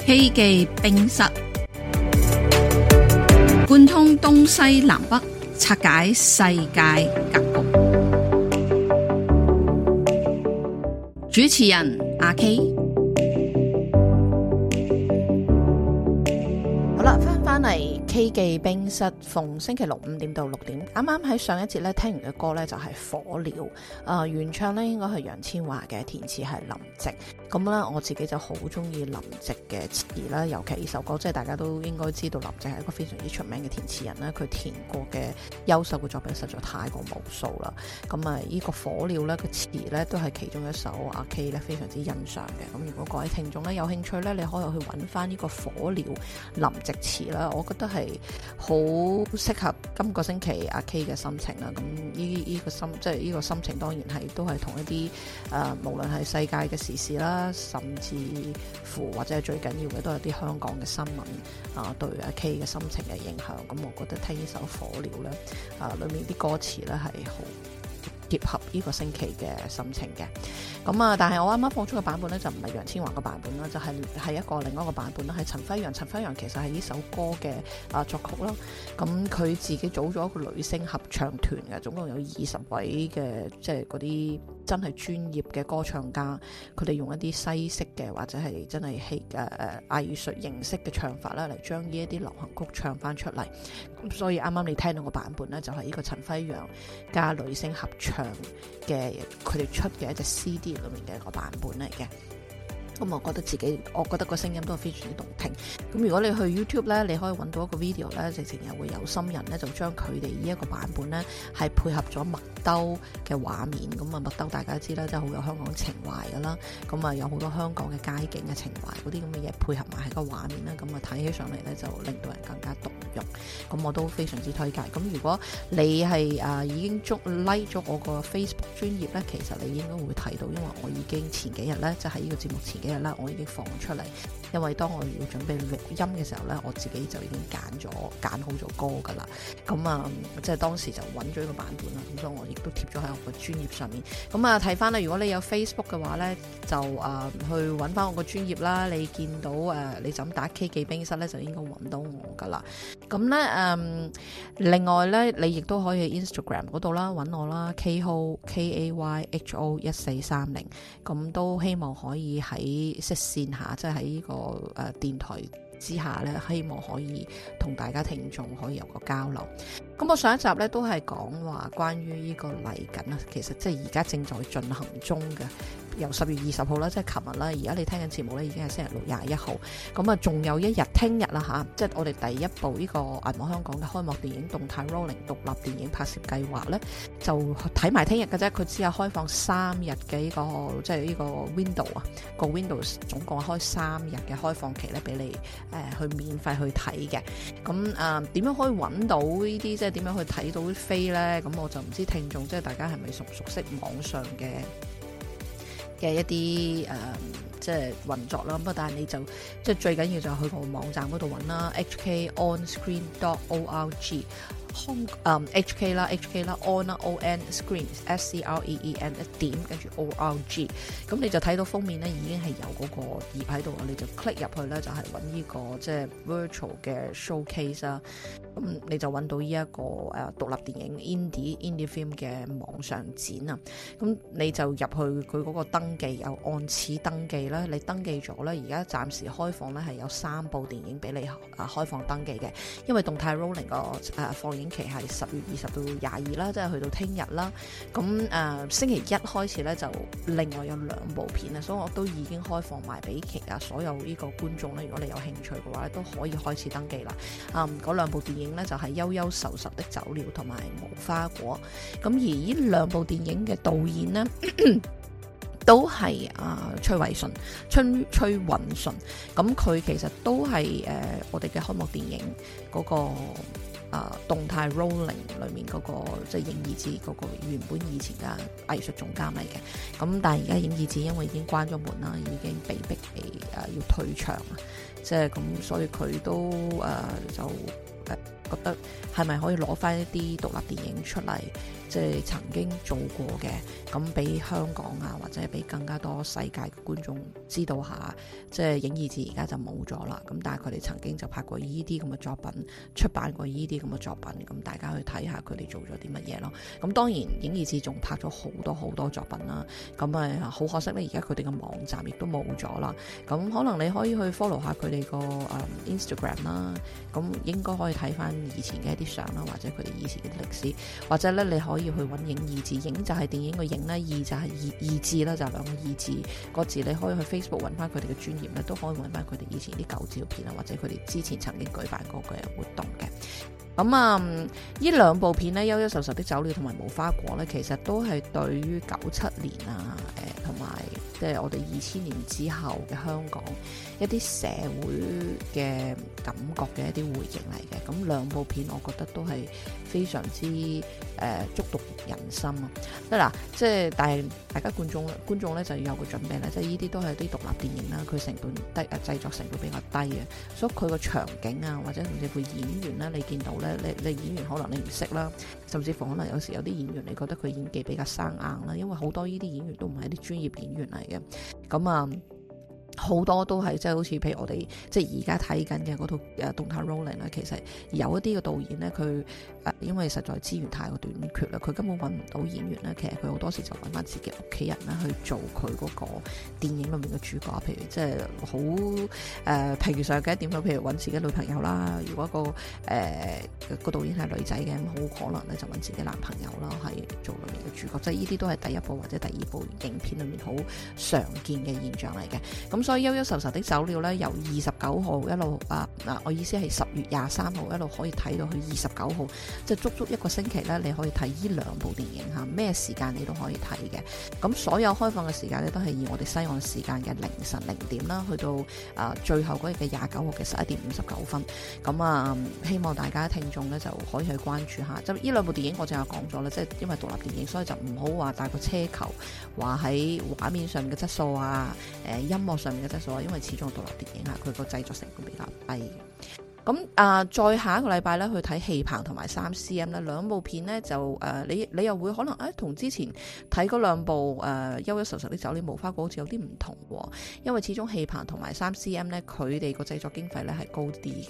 K 記冰室，貫通東西南北，拆解世界格局。主持人阿 K。AK K 記冰室逢星期六五點到六點。啱啱喺上一節咧聽完嘅歌咧就係、是《火鳥》啊、呃，原唱咧應該係楊千嬅嘅，填詞係林夕。咁咧我自己就好中意林夕嘅詞啦，尤其呢首歌，即係大家都應該知道林夕係一個非常之出名嘅填詞人啦。佢填過嘅優秀嘅作品實在太過無數啦。咁啊，呢個《火鳥》咧嘅詞咧都係其中一首阿 K 咧非常之欣賞嘅。咁如果各位聽眾咧有興趣咧，你可以去揾翻呢個《火鳥》林夕詞啦。我覺得係。好適合今個星期阿 K 嘅心情啦，咁呢呢個心即係呢個心情，當然係都係同一啲誒、呃，無論係世界嘅時事啦，甚至乎或者係最緊要嘅，都有啲香港嘅新聞啊、呃，對阿 K 嘅心情嘅影響。咁、呃、我覺得聽呢首火鳥咧啊、呃，裏面啲歌詞咧係好。結合呢個星期嘅心情嘅，咁、嗯、啊，但係我啱啱放出嘅版本咧就唔係楊千嬅嘅版本啦，就係、是、係一個另外一個版本啦，係陳輝陽。陳輝陽其實係呢首歌嘅啊作曲啦，咁佢自己組咗一個女聲合唱團嘅，總共有二十位嘅，即係嗰啲真係專業嘅歌唱家，佢哋用一啲西式嘅或者係真係戲誒誒藝術形式嘅唱法啦，嚟將呢一啲流行曲唱翻出嚟。咁所以啱啱你聽到個版本咧，就係、是、呢個陳輝陽加女聲合唱嘅佢哋出嘅一隻 CD 裏面嘅一個版本嚟嘅。咁、嗯、我覺得自己，我覺得個聲音都係非常之動聽。咁、嗯、如果你去 YouTube 咧，你可以揾到一個 video 咧，直情又會有心人咧，就將佢哋呢一個版本咧，係配合咗麥兜嘅畫面。咁、嗯、啊，麥兜大家知啦，即係好有香港情懷噶啦。咁、嗯、啊，有好多香港嘅街景嘅情懷，嗰啲咁嘅嘢配合埋喺個畫面咧，咁啊睇起上嚟咧，就令到人更加動容。咁、嗯、我都非常之推介。咁、嗯、如果你係啊已經捉 like 咗我個 Facebook 專頁咧，其實你應該會睇到，因為我已經前幾日咧，就喺、是、呢個節目前。啦，我已經放出嚟。因為當我要準備錄音嘅時候呢，我自己就已經揀咗揀好咗歌㗎喇。咁、嗯、啊，即係當時就揾咗一個版本啦。咁所以我亦都貼咗喺我個專頁上面。咁、嗯、啊，睇翻咧，如果你有 Facebook 嘅話呢，就啊、呃、去揾翻我個專頁啦。你見到誒、呃，你就咁打 K 記冰室呢，就應該揾到我㗎喇。咁呢，誒，另外呢，你亦都可以 Instagram 嗰度啦，揾我啦。Kayho K A Y H O 一四三零，咁、嗯、都希望可以喺識線下，即係喺呢個。個誒電台之下咧，希望可以同大家聽眾可以有個交流。咁我上一集咧都係講話關於呢個嚟緊啊，其實即係而家正在進行中嘅。由十月二十號啦，即係琴日啦，而家你聽緊節目咧，已經係星期六廿、嗯、一號，咁啊，仲有一日，聽日啦吓，即係我哋第一部呢、呢個《銀幕香港》嘅開幕電影動態 Rolling 獨立電影拍攝計劃咧，就睇埋聽日嘅啫。佢只有開放三日嘅呢個，即係呢個 window 啊，個 Windows 總共開三日嘅開放期咧，俾你誒、呃、去免費去睇嘅。咁、嗯、啊，點、呃、樣可以搵到呢啲？即係點樣去睇到啲飛咧？咁、嗯、我就唔知聽眾即係大家係咪熟熟悉網上嘅？嘅一啲誒。即係運作啦，咁啊！但 係樂、 嗯 e e、你就即係最緊要就去個網站度揾啦，HK Onscreen.org，Hong，嗯，HK 啦，HK 啦，On 啦，O N Screen，S C R E E N 一點，跟住 O R G，咁你就睇到封面咧已經係有個頁喺度啊，你就 click 入去咧就係揾依個即係 Virtual 嘅 Showcase 啦，咁、就是啊、你就揾到依一個誒獨立電影 Indie Indie Film 嘅網上展啊，咁你就入去佢個登記，有按此登記啦。你登記咗咧，而家暫時開放咧，係有三部電影俾你啊開放登記嘅。因為動態 rolling 個誒、呃、放映期係十月二十到廿二啦，即係去到聽日啦。咁誒、呃、星期一開始咧，就另外有兩部片啦，所以我都已經開放埋俾其他所有呢個觀眾咧。如果你有興趣嘅話咧，都可以開始登記啦。嗯，嗰兩部電影咧就係悠悠愁愁的走了同埋無花果。咁而呢兩部電影嘅導演咧。 都係啊，崔偉信、崔崔允信，咁佢其實都係誒、呃，我哋嘅開幕電影嗰、那個啊、呃、動態 rolling 裏面嗰、那個即係影意志》嗰、就是、個原本以前嘅藝術總監嚟嘅。咁但係而家影意志》因為已經關咗門啦，已經被逼誒、呃、要退場，即係咁，所以佢都誒、呃、就誒、呃、覺得係咪可以攞翻一啲獨立電影出嚟？即係曾經做過嘅，咁俾香港啊，或者俾更加多世界嘅觀眾知道下。即係影意志而家就冇咗啦，咁但係佢哋曾經就拍過依啲咁嘅作品，出版過依啲咁嘅作品，咁大家去睇下佢哋做咗啲乜嘢咯。咁當然影意志仲拍咗好多好多作品啦。咁啊，好可惜咧，而家佢哋嘅網站亦都冇咗啦。咁可能你可以去 follow 下佢哋個誒 Instagram 啦。咁應該可以睇返以前嘅一啲相啦，或者佢哋以前嘅歷史，或者咧你可可以去揾影二字，影就係電影嘅影啦，二就係二二字啦，就兩個二字各自，你可以去 Facebook 揾翻佢哋嘅專業咧，都可以揾翻佢哋以前啲舊照片啊，或者佢哋之前曾經舉辦過嘅活動嘅。咁啊，呢、嗯、兩部片呢，《優優瘦瘦的走了》同埋《無花果》呢，其實都係對於九七年啊，誒、呃，同埋即係我哋二千年之後嘅香港。一啲社會嘅感覺嘅一啲回應嚟嘅，咁兩部片我覺得都係非常之誒觸動人心啊！嗱，即係但係大家觀眾觀眾咧就要有個準備咧，即係呢啲都係啲獨立電影啦，佢成本低啊，製作成本比較低嘅，所以佢個場景啊，或者甚至乎演員咧，你見到咧，你你演員可能你唔識啦，甚至乎可能有時有啲演員你覺得佢演技比較生硬啦，因為好多呢啲演員都唔係一啲專業演員嚟嘅，咁啊～好多都係即係好似譬如我哋即係而家睇緊嘅嗰套誒動態 Rolling 咧。其實有一啲嘅導演咧，佢誒因為實在資源太過短缺啦，佢根本揾唔到演員啦。其實佢好多時就揾翻自己屋企人啦去做佢嗰個電影裏面嘅主角，譬如即係好誒平常嘅一點咯，譬如揾自己女朋友啦。如果個誒、呃、個導演係女仔嘅，咁好可能咧就揾自己男朋友啦，係做裏面嘅主角。即係呢啲都係第一部或者第二部影片裏面好常見嘅現象嚟嘅。咁再悠悠愁愁的走了咧，由二十九號一路啊嗱，我意思係十月廿三號一路可以睇到去二十九號，即係足足一個星期咧，你可以睇呢兩部電影吓，咩時間你都可以睇嘅。咁所有開放嘅時間咧，都係以我哋西岸時間嘅凌晨零點啦，去到啊最後嗰日嘅廿九號嘅十一點五十九分。咁啊，希望大家聽眾咧就可以去關注下，就呢兩部電影我正話講咗啦，即係因為獨立電影，所以就唔好話帶個車球話喺畫面上嘅質素啊，誒、呃、音樂上。嘅質素，因為始終獨立電影啊，佢個製作成本比較低。咁啊，再下一個禮拜咧去睇《戲棚》同埋《三 C M》咧，兩部片咧就誒，你你又會可能誒、哎、同之前睇嗰兩部誒憂憂愁愁的酒店《無花果》好似有啲唔同喎，因為始終《戲棚》同埋《三 C M》咧，佢哋個製作經費咧係高啲嘅，誒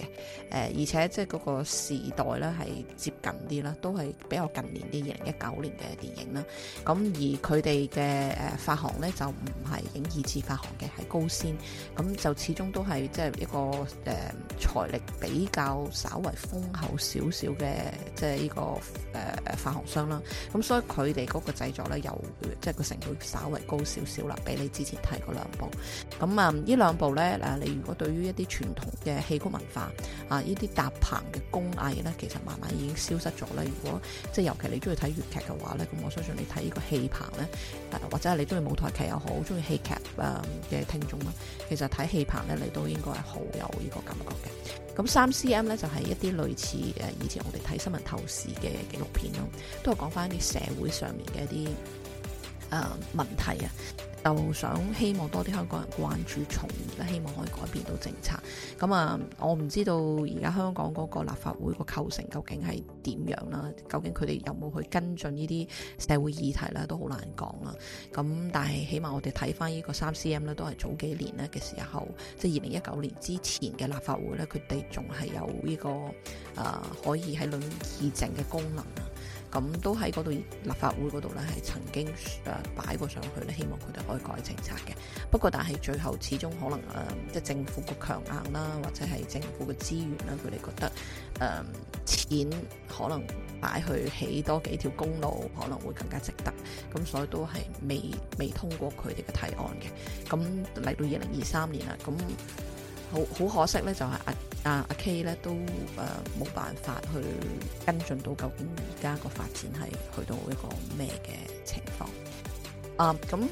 而且即係嗰個時代咧係接近啲啦，都係比較近年啲二零一九年嘅電影啦。咁而佢哋嘅誒發行咧就唔係影二次發行嘅，係高先，咁就始終都係即係一個誒財、嗯、力。比較稍為豐厚少少嘅，即係依、這個誒、呃、發行商啦。咁、啊、所以佢哋嗰個製作咧，又即係個成本稍為高少少啦，比你之前睇嗰兩部。咁啊，呢、嗯、兩部咧，嗱，你如果對於一啲傳統嘅戲曲文化啊，呢啲搭棚嘅工藝咧，其實慢慢已經消失咗啦。如果即係尤其你中意睇粵劇嘅話咧，咁我相信你睇呢個戲棚咧、啊，或者係你中意舞台劇又好，中意戲劇啊嘅、嗯、聽眾啦，其實睇戲棚咧，你都應該係好有呢個感覺嘅。咁三 C M 呢就係、是、一啲類似以前我哋睇新聞透視嘅紀錄片咯，都係講返一啲社會上面嘅一啲誒、呃、問題啊。就想希望多啲香港人關注從而咧，希望可以改變到政策。咁啊，我唔知道而家香港嗰個立法會個構成究竟係點樣啦？究竟佢哋有冇去跟進呢啲社會議題咧，都好難講啦。咁但係起碼我哋睇翻呢個三 C M 咧，都係早幾年咧嘅時候，即係二零一九年之前嘅立法會咧，佢哋仲係有呢、這個誒、呃、可以喺裏面議政嘅功能啊。咁都喺嗰度立法會嗰度咧，係曾經誒擺、呃、過上去咧，希望佢哋可以改政策嘅。不過，但係最後始終可能誒，即、呃、係政府嘅強硬啦，或者係政府嘅資源啦，佢哋覺得誒、呃、錢可能擺去起多幾條公路，可能會更加值得。咁所以都係未未通過佢哋嘅提案嘅。咁嚟到二零二三年啦，咁。好好可惜咧，就係阿阿阿 K 咧都誒冇、呃、辦法去跟進到究竟而家個發展係去到一個咩嘅情況啊。咁、嗯、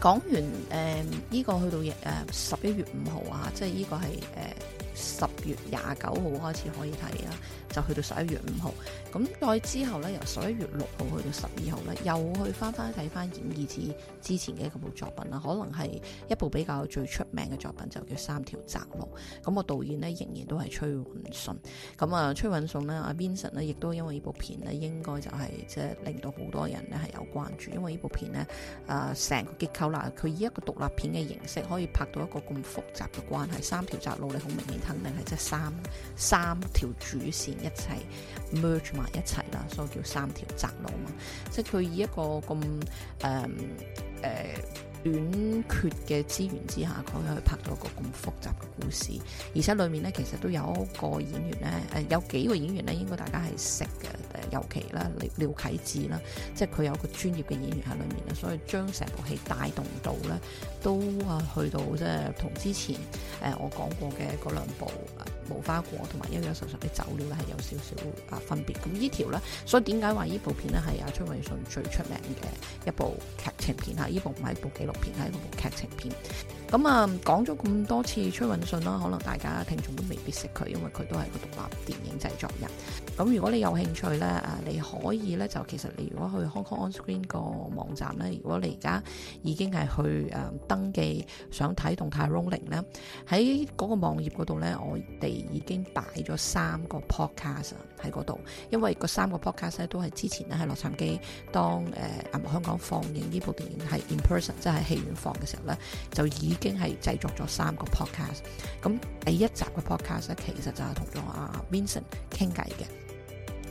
講完誒呢、呃這個去到誒十一月五號啊，即係呢個係誒。呃十月廿九號開始可以睇啦，就去到十一月五號，咁再之後呢，由十一月六號去到十二號呢，又去翻翻睇翻《演義子》之前嘅一部作品啦，可能係一部比較最出名嘅作品，就叫《三條窄路》。咁個導演呢，仍然都係崔允信。咁啊，崔允信呢，阿 Vincent 呢，亦都因為呢部片呢，應該就係、是、即係令到好多人呢係有關注，因為呢部片呢，啊、呃、成個結構啦，佢以一個獨立片嘅形式可以拍到一個咁複雜嘅關係，《三條窄路》呢好明顯。肯定係即係三三條主線一齊 Merge 埋一齊啦，所以叫三條窄路嘛。即係佢以一個咁誒誒，呃呃短缺嘅資源之下，佢去拍到一個咁複雜嘅故事，而且裡面咧其實都有一個演員咧，誒、呃、有幾個演員咧應該大家係識嘅、呃，尤其啦廖廖啟智啦，即係佢有個專業嘅演員喺裡面啦，所以將成部戲帶動到咧都啊去到即係同之前誒、呃、我講過嘅嗰兩部。無花果同埋一樣熟熟的酒料咧，係有少少啊分別，咁呢條咧，所以點解話，呢部片咧係阿崔允信最出名嘅一部劇情片啊？呢部唔係一部紀錄片，係一部劇情片。咁啊，講咗咁多次崔允信啦，可能大家聽眾都未必識佢，因為佢都係個獨立電影製作人。咁、嗯、如果你有興趣咧，誒、啊、你可以咧就其實你如果去 Hong Kong On Screen 個網站咧，如果你而家已經係去誒、嗯、登記想睇動態 Running 咧，喺嗰個網頁度咧，我哋已經擺咗三個 Podcast 喺嗰度，因為個三個 Podcast 咧都係之前咧喺洛杉磯當誒、呃、香港放映呢部電影係 In Person，即係戲院放嘅時候咧就已。已經係製作咗三個 podcast，咁第一集嘅 podcast 咧，其實就係同咗阿、啊、Vincent 傾偈嘅。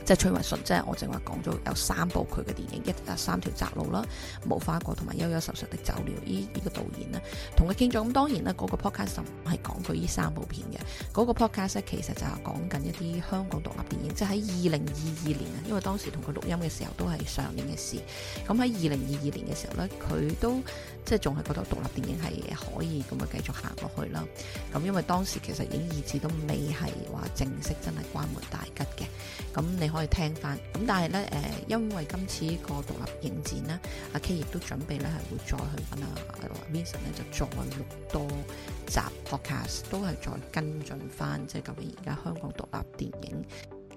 即係崔允信，即係我正話講咗有三部佢嘅電影，一《一啊三條窄路》啦，《無花果》同埋《憂憂愁愁的走了》。呢、這、依個導演咧，同佢傾咗。咁當然啦，嗰、那個 podcast 唔係講佢呢三部片嘅，嗰、那個 podcast 其實就係講緊一啲香港獨立電影。即係喺二零二二年啊，因為當時同佢錄音嘅時候都係上年嘅事。咁喺二零二二年嘅時候呢，佢都即係仲係覺得獨立電影係可以咁樣繼續行落去啦。咁因為當時其實影意志都未係話正式真係關門大吉嘅。咁你？可以聽翻，咁但係咧，誒，因為今次依個獨立影展咧，阿 K 亦都準備咧係會再去揾啊 Vincent 咧，就再錄多集 podcast，都係再跟進翻，即係究竟而家香港獨立電影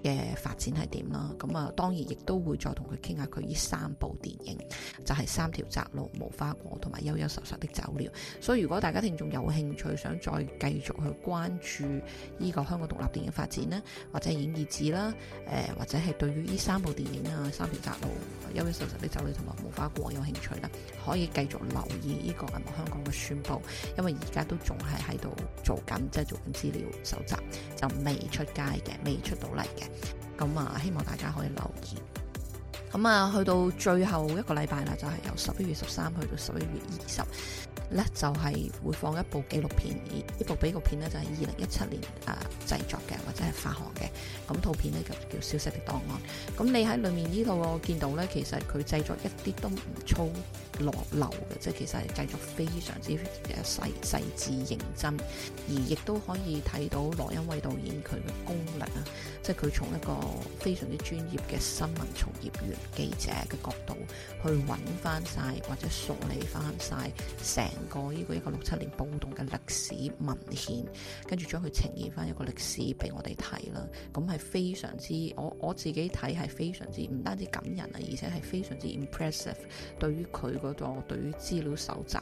嘅發展係點啦？咁啊，當然亦都會再同佢傾下佢呢三部電影，就係、是《三條窄路》、《無花果》同埋《優優實實的走了》。所以如果大家聽眾有興趣，想再繼續去關注呢個香港獨立電影發展呢，或者影意志啦，誒、呃、或者係對於呢三部電影啊，《三條窄路》、《優優實實的走了》同埋《無花果》有興趣咧，可以繼續留意呢個啊香港嘅宣佈，因為而家都仲係喺度做緊，即係做緊資料搜集，就未出街嘅，未出到嚟嘅。咁啊，希望大家可以留意。咁啊，去到最後一個禮拜啦，就係、是、由十一月十三去到十一月二十咧，就係、是、會放一部紀錄片。呢部紀錄片咧就係二零一七年啊製、呃、作嘅，或者係發行嘅。咁套片呢，就叫《消失的檔案》。咁你喺裏面裡呢度，我見到咧，其實佢製作一啲都唔粗。落流嘅，即係其實係製作非常之細細緻認真，而亦都可以睇到羅恩威導演佢嘅功力啊，即係佢從一個非常之專業嘅新聞從業員記者嘅角度去揾翻晒或者梳理翻晒成個呢個一九六七年暴動嘅歷史文獻，跟住將佢呈現翻一個歷史俾我哋睇啦。咁係非常之我我自己睇係非常之唔單止感人啊，而且係非常之 impressive，對於佢個。我對於資料搜集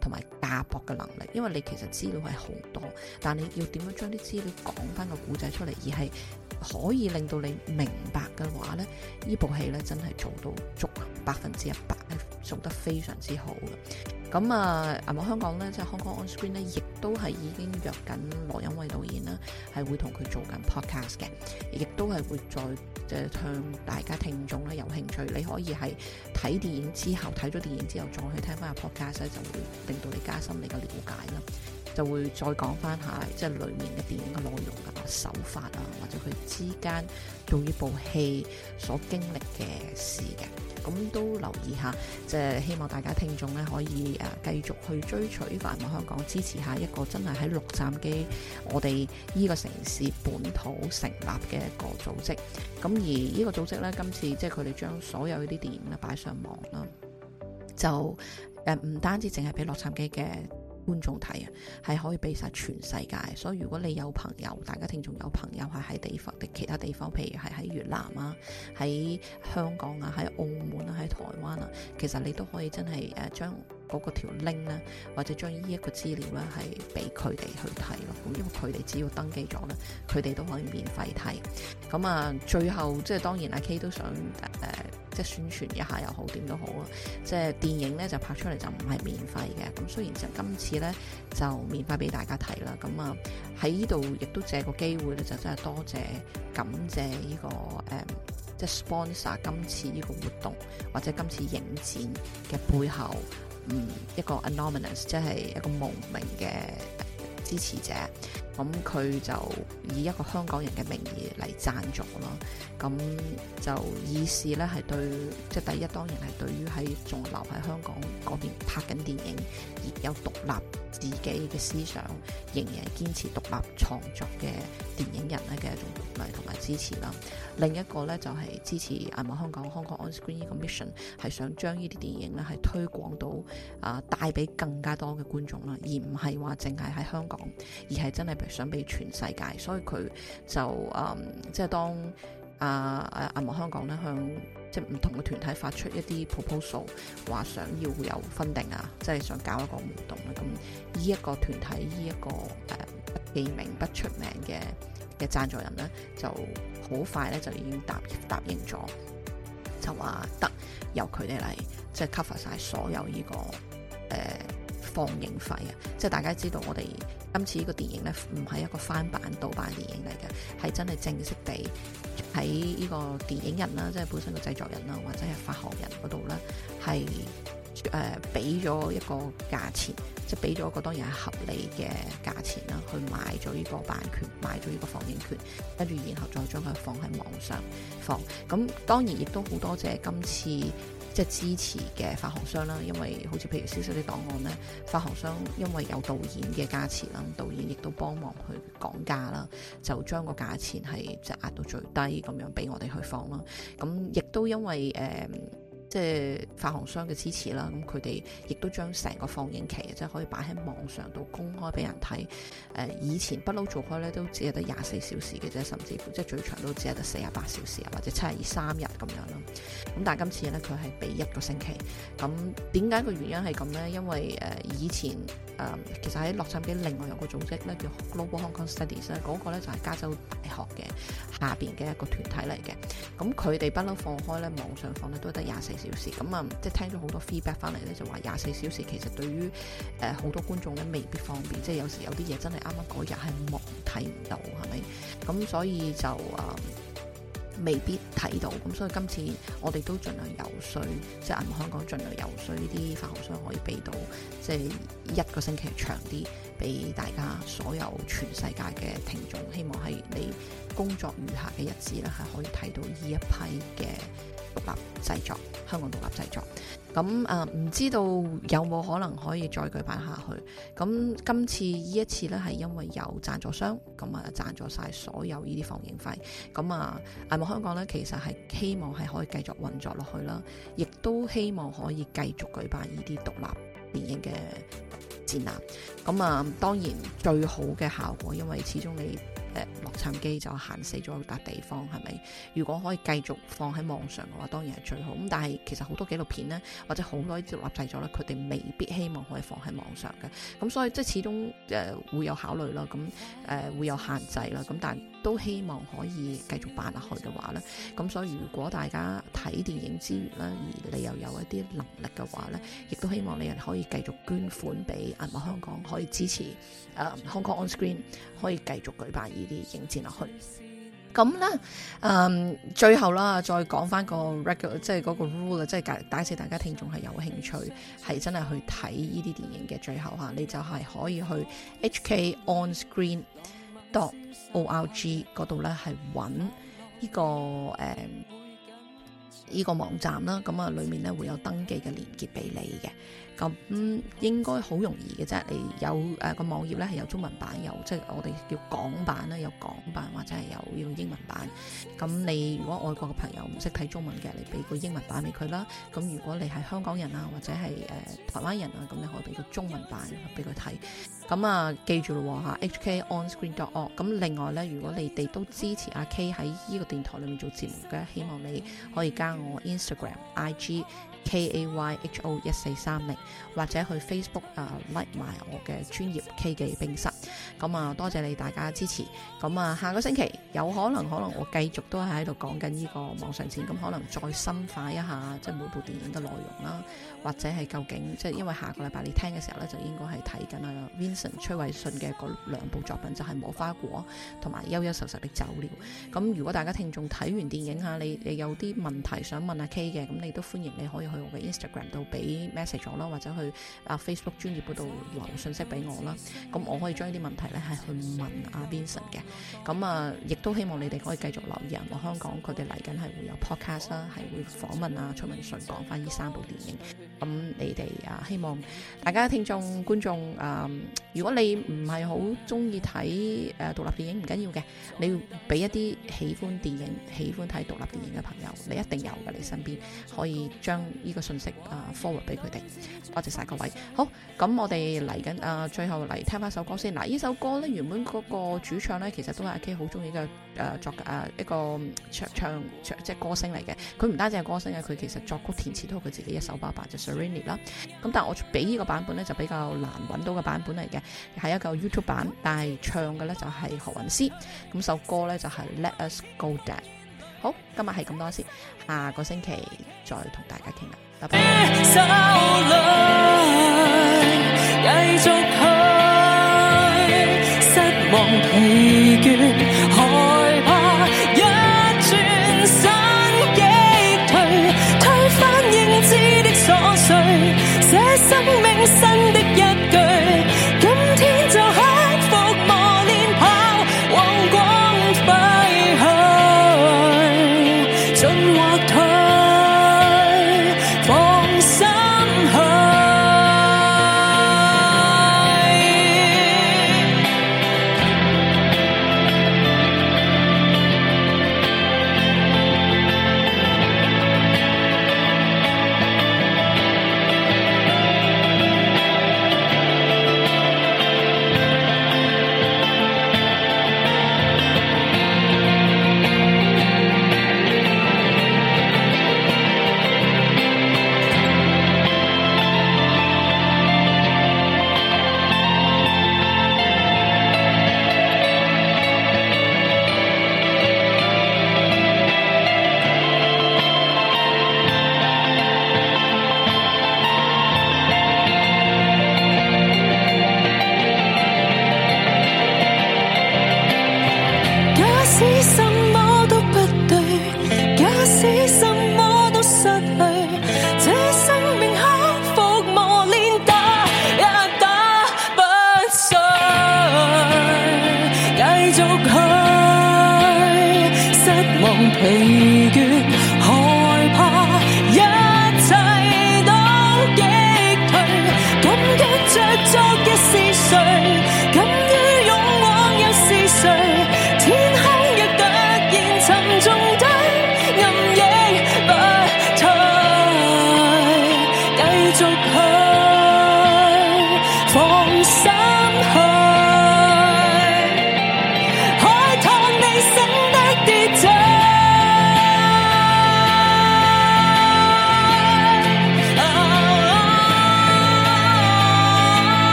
同埋打駁嘅能力，因為你其實資料係好多，但你要點樣將啲資料講翻個古仔出嚟，而係可以令到你明白嘅話呢，部戲呢部戲呢真係做到足百分之一百，咧做得非常之好嘅。咁啊，喺香港咧，即係 Hong Kong On Screen 咧，亦都係已經約緊羅恩偉導演啦，係會同佢做緊 podcast 嘅，亦都係會再即係向大家聽眾咧有興趣，你可以係睇電影之後，睇咗電影之後再去聽翻個 podcast 咧，就會令到你加深你嘅了解啦。就會再講翻下即係裡面嘅電影嘅內容啊、手法啊，或者佢之間用呢部戲所經歷嘅事嘅，咁都留意下，即係希望大家聽眾咧可以誒繼續去追取，同埋香港支持一下一個真係喺洛杉磯我哋呢個城市本土成立嘅一個組織。咁而呢個組織呢，今次即係佢哋將所有依啲電影咧擺上網啦，就誒唔單止淨係俾洛杉磯嘅。觀眾睇啊，係可以俾曬全世界。所以如果你有朋友，大家聽眾有朋友係喺地方定其他地方，譬如係喺越南啊、喺香港啊、喺澳門啊、喺台灣啊，其實你都可以真係誒將。嗰個條 link 咧，或者將呢一個資料咧，係俾佢哋去睇咯。咁因為佢哋只要登記咗咧，佢哋都可以免費睇。咁啊，最後即係當然阿 K 都想誒、呃，即係宣傳一下又好，點都好啊。即係電影咧就拍出嚟就唔係免費嘅。咁雖然就今次咧就免費俾大家睇啦。咁啊喺呢度亦都借個機會咧，就真係多謝感謝呢、呢個誒、呃、即係 sponsor 今次呢個活動或者今次影展嘅背後。嗯，一個 anonymous 即係一個無名嘅支持者。咁佢、嗯、就以一個香港人嘅名義嚟贊助啦，咁、嗯、就意思咧係對即係第一當然係對於喺仲留喺香港邊拍緊電影而有獨立自己嘅思想，仍然堅持獨立創作嘅電影人咧嘅一種鼓勵同埋支持啦。另一個咧就係、是、支持亞香港香港 On Screen 呢個 mission，係想將呢啲電影咧係推廣到啊、呃，帶俾更加多嘅觀眾啦，而唔係話淨係喺香港，而係真係。想俾全世界，所以佢就誒，即係當啊啊阿毛香港咧，Breaking、ite, 向即係唔同嘅團體發出一啲 proposal，話想要有分定啊，即係想搞一個活動咧。咁呢一個團體，呢、這、一個誒記、嗯、名不出名嘅嘅贊助人咧，就好快咧就已經答答應咗，就話得由佢哋嚟，即係 cover 晒所有呢、這個誒。呃放映費啊，即係大家知道，我哋今次呢個電影呢，唔係一個翻版盜版電影嚟嘅，係真係正式地喺呢個電影人啦，即係本身個製作人啦，或者係發行人嗰度咧，係。誒俾咗一個價錢，即係俾咗一個當然係合理嘅價錢啦，去買咗呢個版權，買咗呢個放映權，跟住然後再將佢放喺網上放。咁、嗯、當然亦都好多謝今次即係支持嘅發行商啦，因為好似譬如消失的檔案咧，發行商因為有導演嘅加持啦，導演亦都幫忙去講價啦，就將個價錢係即係壓到最低咁樣俾我哋去放啦。咁、嗯、亦都因為誒、呃即係發行商嘅支持啦，咁佢哋亦都將成個放映期，即係可以擺喺網上度公開俾人睇。誒、呃、以前不嬲做開咧，都只係得廿四小時嘅啫，甚至乎即係最長都只係得四十八小時啊，或者七十二三日咁樣咯。咁但係今次咧，佢係俾一個星期。咁點解個原因係咁咧？因為誒、呃、以前誒、呃、其實喺洛杉磯另外有個組織咧叫 Global Hong Kong Studies 嗰個咧就係加州大學嘅下邊嘅一個團體嚟嘅。咁佢哋不嬲放開咧網上放咧都得廿四。.小咁啊，即係聽咗好多 feedback 翻嚟咧，就話廿四小時其實對於誒好、呃、多觀眾咧未必方便，即係有時有啲嘢真係啱啱嗰日係忙睇唔到，係咪？咁所以就誒、呃、未必睇到，咁所以今次我哋都盡量遊說，即係喺香港盡量遊說啲發行商可以俾到即係一個星期長啲，俾大家所有全世界嘅聽眾，希望係你工作餘下嘅日子咧，係可以睇到呢一批嘅。獨立製作，香港獨立製作，咁啊，唔知道有冇可能可以再舉辦下去？咁今，今次呢一次呢，係因為有贊助商，咁啊，贊助晒所有呢啲放映費，咁啊，我香港呢，其實係希望係可以繼續運作落去啦，亦都希望可以繼續舉辦呢啲獨立電影嘅展覽。咁啊，當然最好嘅效果，因為始終你。誒洛杉磯就行死咗笪地方係咪？如果可以繼續放喺網上嘅話，當然係最好。咁但係其實好多紀錄片咧，或者好多都立製咗啦，佢哋未必希望可以放喺網上嘅。咁、嗯、所以即係始終誒、呃、會有考慮啦，咁、呃、誒會有限制啦。咁但都希望可以繼續辦落去嘅話咧，咁所以如果大家睇電影之餘咧，而你又有一啲能力嘅話咧，亦都希望你人可以繼續捐款俾銀幕香港，可以支持誒、呃、Hong Kong On Screen，可以繼續舉辦呢啲影展落去。咁、嗯、咧，誒、嗯、最後啦，再講翻個 record，即係嗰個 rule 啊，即係打打醒大家聽眾係有興趣，係真係去睇呢啲電影嘅。最後嚇、啊，你就係可以去 HK On Screen。dot org 嗰度咧，係揾呢個誒依、欸依個網站啦，咁啊，裏面咧會有登記嘅鏈接俾你嘅。咁、嗯、應該好容易嘅啫，你有誒、啊、個網頁咧係有中文版，有即係我哋叫港版啦，有港版或者係有用英文版。咁你如果外國嘅朋友唔識睇中文嘅，你俾個英文版俾佢啦。咁如果你係香港人啊，或者係誒、呃、台灣人啊，咁你可以俾個中文版俾佢睇。咁啊，記住咯嚇、啊、HKOnScreen.org。咁另外咧，如果你哋都支持阿 K 喺呢個電台裏面做節目嘅，希望你可以加我 Instagram IG。K A Y H O 一四三零或者去 Facebook 啊 like 埋我嘅專頁 K 記冰室，咁啊、嗯、多謝你大家支持，咁、嗯、啊下個星期有可能可能我繼續都係喺度講緊呢個網上展，咁、嗯、可能再深化一下，即係每部電影嘅內容啦，或者係究竟即係因為下個禮拜你聽嘅時候咧就應該係睇緊阿 Vincent 崔偉信嘅嗰兩部作品，就係、是《無花果》同埋《悠悠實實的走了》，咁、嗯、如果大家聽眾睇完電影吓、啊，你你有啲問題想問阿 K 嘅，咁你都歡迎你可以。去我嘅 Instagram 度俾 message 咗啦，或者去啊 Facebook 專頁嗰度留信息俾我啦。咁我可以將啲問題咧係去問阿 Vincent 嘅。咁啊，亦都希望你哋可以繼續留意啊。我香港佢哋嚟緊係會有 podcast 啦，係會訪問啊，崔文順講翻呢三部電影。咁你哋啊，希望大家聽眾觀眾啊，如果你唔係好中意睇誒獨立電影，唔緊要嘅，你俾一啲喜歡電影、喜歡睇獨立電影嘅朋友，你一定有嘅，你身邊可以將。呢個信息啊、呃、forward 俾佢哋，多謝晒各位。好，咁我哋嚟緊啊，最後嚟聽翻首歌先。嗱，呢首歌咧原本嗰個主唱咧，其實都係阿 K 好中意嘅誒作誒、呃、一個唱唱即係歌星嚟嘅。佢唔單止係歌星啊，佢其實作曲填詞都係佢自己一手包辦就是，Serenity 啦。咁但係我俾呢個版本咧就比較難揾到嘅版本嚟嘅，係一個 YouTube 版，但係唱嘅咧就係何韻詩。咁首歌咧就係 Let Us Go Dead。好，今日係咁多先，下個星期再同大家傾啦，拜拜。